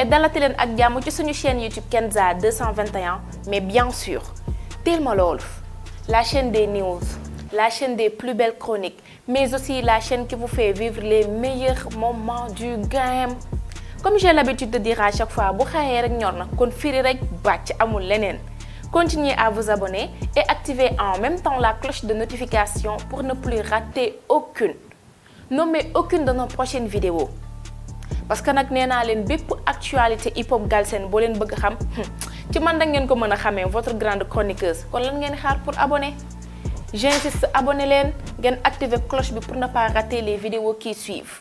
et télé en ak jàmm ci une chaîne YouTube Kenza 221 mais bien sûr Telmalolf, la chaîne des news la chaîne des plus belles chroniques mais aussi la chaîne qui vous fait vivre les meilleurs moments du game comme j'ai l'habitude de dire à chaque fois bu rek confirmez kon continuez à vous abonner et activez en même temps la cloche de notification pour ne plus rater aucune nommez aucune de nos prochaines vidéos parce que si vous len leen actualité hip hop galsen bo len bëgg xam hmm, ci man da ngeen ko votre grande chroniqueuse kon lan vous xaar pour abonner? j'insiste abonné len, ngeen activer cloche bi pour ne pas rater les vidéos qui suivent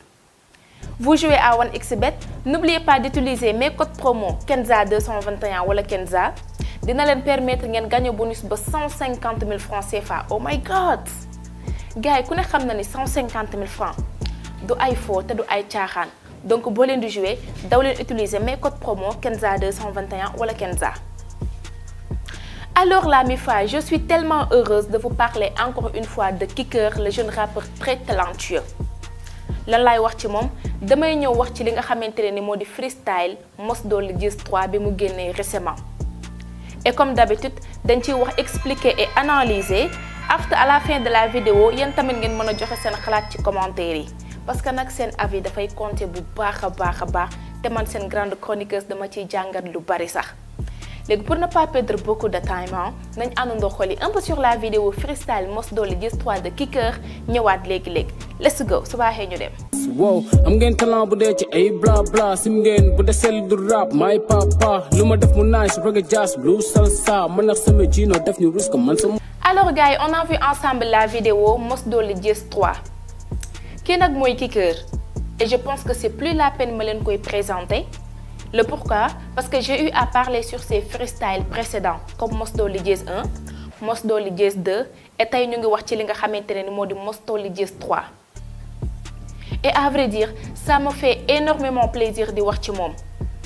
vous jouez à 1xbet n'oubliez pas d'utiliser mes codes promo Kenza 221 ou Kenza dina len permettre ngeen gagner bonus de 150 000 francs CFA oh my god gars yi ku ne xam ni 150 000 francs du ay fo te du ay tiaxan donc si vous voulez jouer vous pouvez utiliser mes codes promo Kenza 221 wala Kenza. Alors la MIFA, je suis tellement heureuse de vous parler encore une fois de Kicker, le jeune rappeur très talentueux. lan laay wax ci mom damay ñëw wax ci li nga freestyle Mos Dolly Diz 3 bi mu génné récemment. Et comme d'habitude dañ ciy wax expliquer et analyser Après, à la fin de la vidéo vous tamit ngeen mëna a joxe seen xalaat ci commentaire parce que nak sen avis da fay compter bu baax a baax a te man sen grande chroniqueuse dama ci jàngat lu bari sax. légui pour ne pas perdre beaucoup de time hein, ah nañ àndandoo xool un peu sur la vidéo freestyle mos doole gis 3 de kicker ñëwaat légui léegi let's go su baaxee ñu dem. wow am ngeen talent bu dee ci ay bla bla sim ngeen bu sel du rap may papa lu ma def mu naaj reggae jazz blues salsa man nag sama jiinoo def ñu risque man sama. alors gars on a vu ensemble la vidéo mos doole gis 3 et je pense que c'est plus la peine de me présenter le pourquoi parce que j'ai eu à parler sur ses freestyles précédents comme Mosto Dolly 1 Mosto Dolly 2 et tey ñu ngi wax ci li nga xamante 3 et à vrai dire ça me fait énormément plaisir de voir ci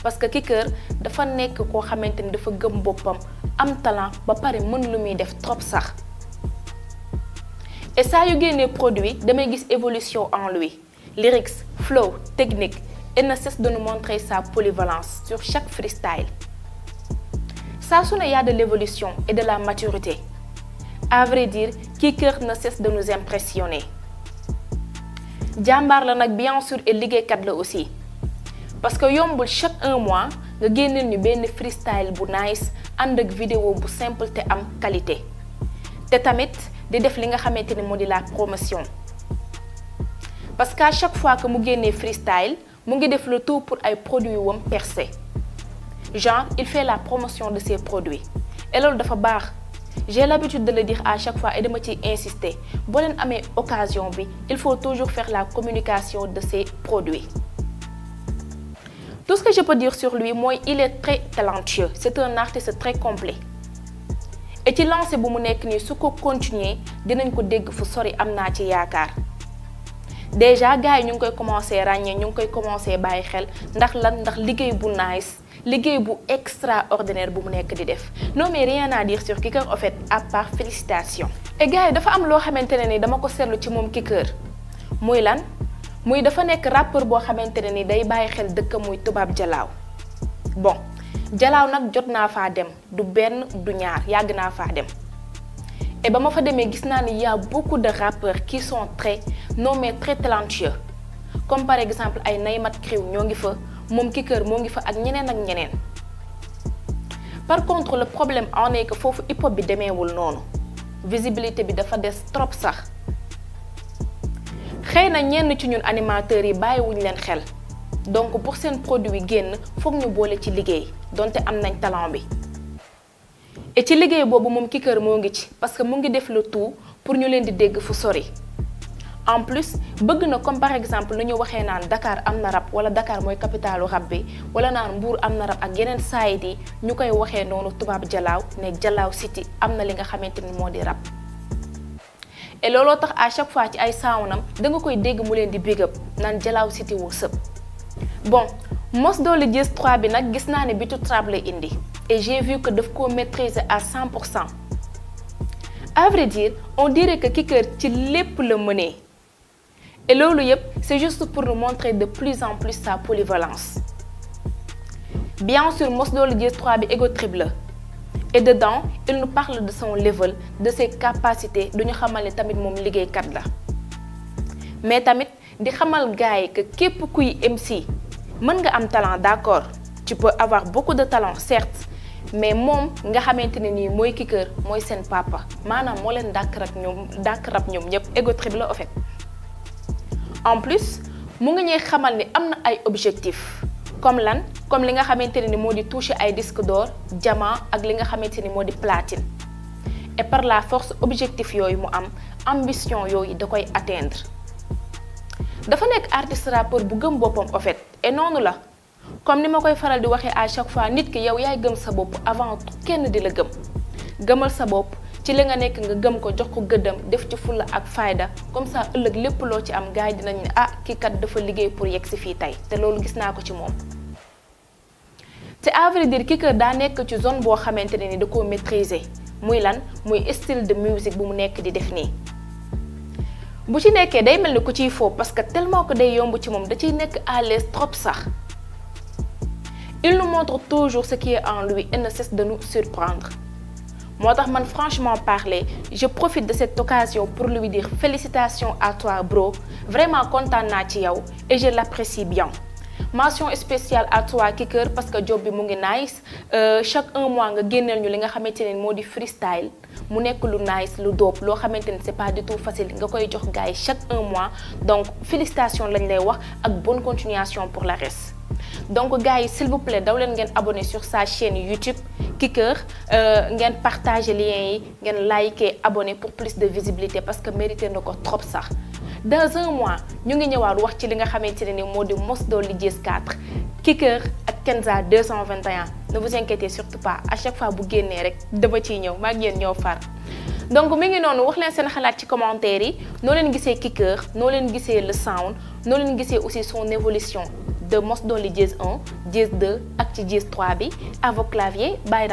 parce que Kicker dafa nekk koo xamante ni dafa gëm boppam am talent ba pare mën lu muy def trop sax et ça, produit damay gis évolution en lui lyrics flow technique et ne cesse de nous montrer sa polyvalence sur chaque freestyle Ça, sonne y a de l'évolution et de la maturité à vrai dire kicker ne cesse de nous impressionner Jambar la est bien sûr et lié la aussi parce que yombul chaque un mois nous gagne une belle freestyle bu nice une vidéo simple Et am qualité te di def li nga la promotion parce qu'à chaque fois que mu un freestyle mu ngi le tour pour ay produits wam percé genre il fait la promotion de ses produits et loolu dafa j'ai l'habitude de le dire à chaque fois et de m'y insister à occasion il faut toujours faire la communication de ses produits tout ce que je peux dire sur lui moi, il est très talentueux c'est un artiste très complet ci lancé bu mu nekk nii su ko continuer dinañ ko dégg fu sori am naa ci yaakaar déjà gars yi ñu ngi koy commencé ràññee ñu ngi koy commencé bàyyi xel ndax lan ndax liggéey bu nice liggéey bu extra ordinaire bu mu nekk di def non mais rien à dire ki Kicker en fait à part félicitations. yi dafa am loo xamante ne ni dama ko seetlu ci moom Kicker muy lan muy dafa nekk rappeur boo xamante ne ni day bàyyi xel dëkk muy tubaab jalaaw bon. jalaaw nag jot naa faa dem du benn du ñaar yàgg naa faa dem et ba ma fa demee gis naa ni y a beaucoup de rappeurs qui sont très non mais très talentueux comme par exemple ay Naymat Kriw ñoo ngi fa moom ki kër moo ngi fa ak ñeneen ak ñeneen par contre le problème en est que foofu hip hop bi demeewul noonu visibilité bi dafa des trop sax xëy na ñenn ci ñun animateurs yi bàyyiwuñ leen xel donc pour seen produit génn foog ñu boole ci liggéey donte am nañ talent bi ci liggéey boobu moom ki kër moo ngi ci parce que mu ngi def le tout pour ñu leen di dégg fu sori en plus bëgg na comme par exemple nu ñu waxee naan dakaar am na rab wala dakaar mooy capitalu rab bi wala naan Mbour am na rab ak yeneen saayit yi ñu koy waxee noonu tubaab jalaaw ne jalaaw city am na li nga xamante ni moo di rab et looloo tax à chaque fois ci ay saawunam da nga koy dégg mu leen di big naan jalaaw city wu bon mos doole 3 bi nak gis na ne bi tout indi et j'ai vu que daf ko maîtriser à 100 à vrai dire on dirait que Kicker ci lepp le mené. et lolu yep, c'est juste pour nous montrer de plus en plus sa polyvalence bien sûr mos Diaz 3 bi ego triple. et dedans il nous parle de son level de ses capacités de ñu xamal tamit moom liggéeykat la mais tamit di xamal gaay que képp kuy MC mën nga am talent d'accord tu peux avoir beaucoup de talent certes mais mom nga xamanteni ni moy ki kër moy sen papa manam mo len dàkk rak ñom dàkk rap ñom ñep égo trip la en fait en plus mu ngi ñuy xamal ni amna ay objectifs comme lan comme li nga xamanteni ne ni moo toucher ay disque d'or diamant ak li nga xamanteni modi platine et par la force objectif yooyu mu am ambition yooyu da koy atteindre dafa nek artiste rappeur bu gëm boppam en fait et noonu la comme ni ma koy faral di waxee à chaque fois nit ki yow yaay gëm sa bopp avant kenn di la gëm gëmal sa bopp ci li nga nekk nga gëm ko jox ko gëddam def ci fulla ak fayda comme ça ëllëg lépp loo ci am gars yi dinañ ne ah kii dafa liggéey pour yegg si fii tey te loolu gis naa ko ci moom. te à vrai ki kër daa nekk ci zone boo xamante ne ni da koo maîtriser muy lan muy style de musique bu mu nekk di def nii. bu ci day parce tellement que à il nous montre toujours ce qui est en lui et ne cesse de nous surprendre Moi, franchement parlé, je profite de cette occasion pour lui dire félicitations à toi bro vraiment content de ci et je l'apprécie bien mention spéciale à toi Kicker parce que job est mu euh, chaque un mois nga gennel ñu li nga freestyle mu nekk lu nice lu dope ce n'est c'est pas du tout facile nga koy jox gars chaque un mois donc félicitations lañ lay wax bonne continuation pour la reste donc gars s'il vous plaît daw leen abonné sur sa chaîne YouTube Kicker Partagez euh, partager liens likez et liker abonner pour plus de visibilité parce que mérité encore trop ça dans un mois ñu ngi ñëwaat wax ci li nga xamante ne ni moo di Mos 4 Kicker ak Kenza 221 ne vous inquiétez surtout pas à chaque fois bu génnee rek dama ci ñëw ma ngi ñëw far. donc mi ngi non wax leen seen xalaat ci commentaire yi no leen gisee Kicker no leen gisee le sound no leen gisee aussi son évolution de Mos 10 1 10 2 ak ci 3 bi à vos claviers bàyyi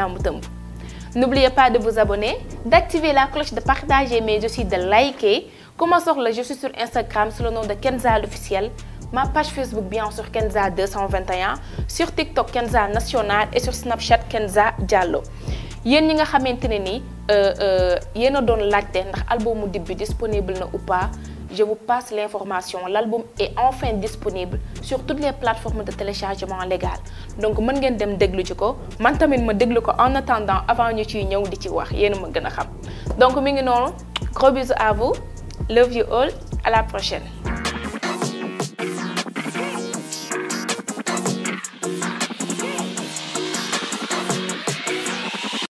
N'oubliez pas de vous abonner, d'activer la cloche de partager mais aussi de liker Comment ça je suis sur Instagram sous le nom de Kenza l'officiel ma page Facebook bien sûr Kenza 221 sur TikTok Kenza national et sur Snapchat Kenza Diallo Vous ñi nga xamante ne euh, euh yéen a doon laajte ndax albumu début disponible na ou pas je vous passe l'information l'album est enfin disponible sur toutes les plateformes de téléchargement légal donc vous pouvez dem déglu ci ko man tamit ma déglu ko en attendant avant ñu ci ñew di ci wax yéen ma gëna xam donc mi ngi gros bisous à vous Love you all. À la prochaine.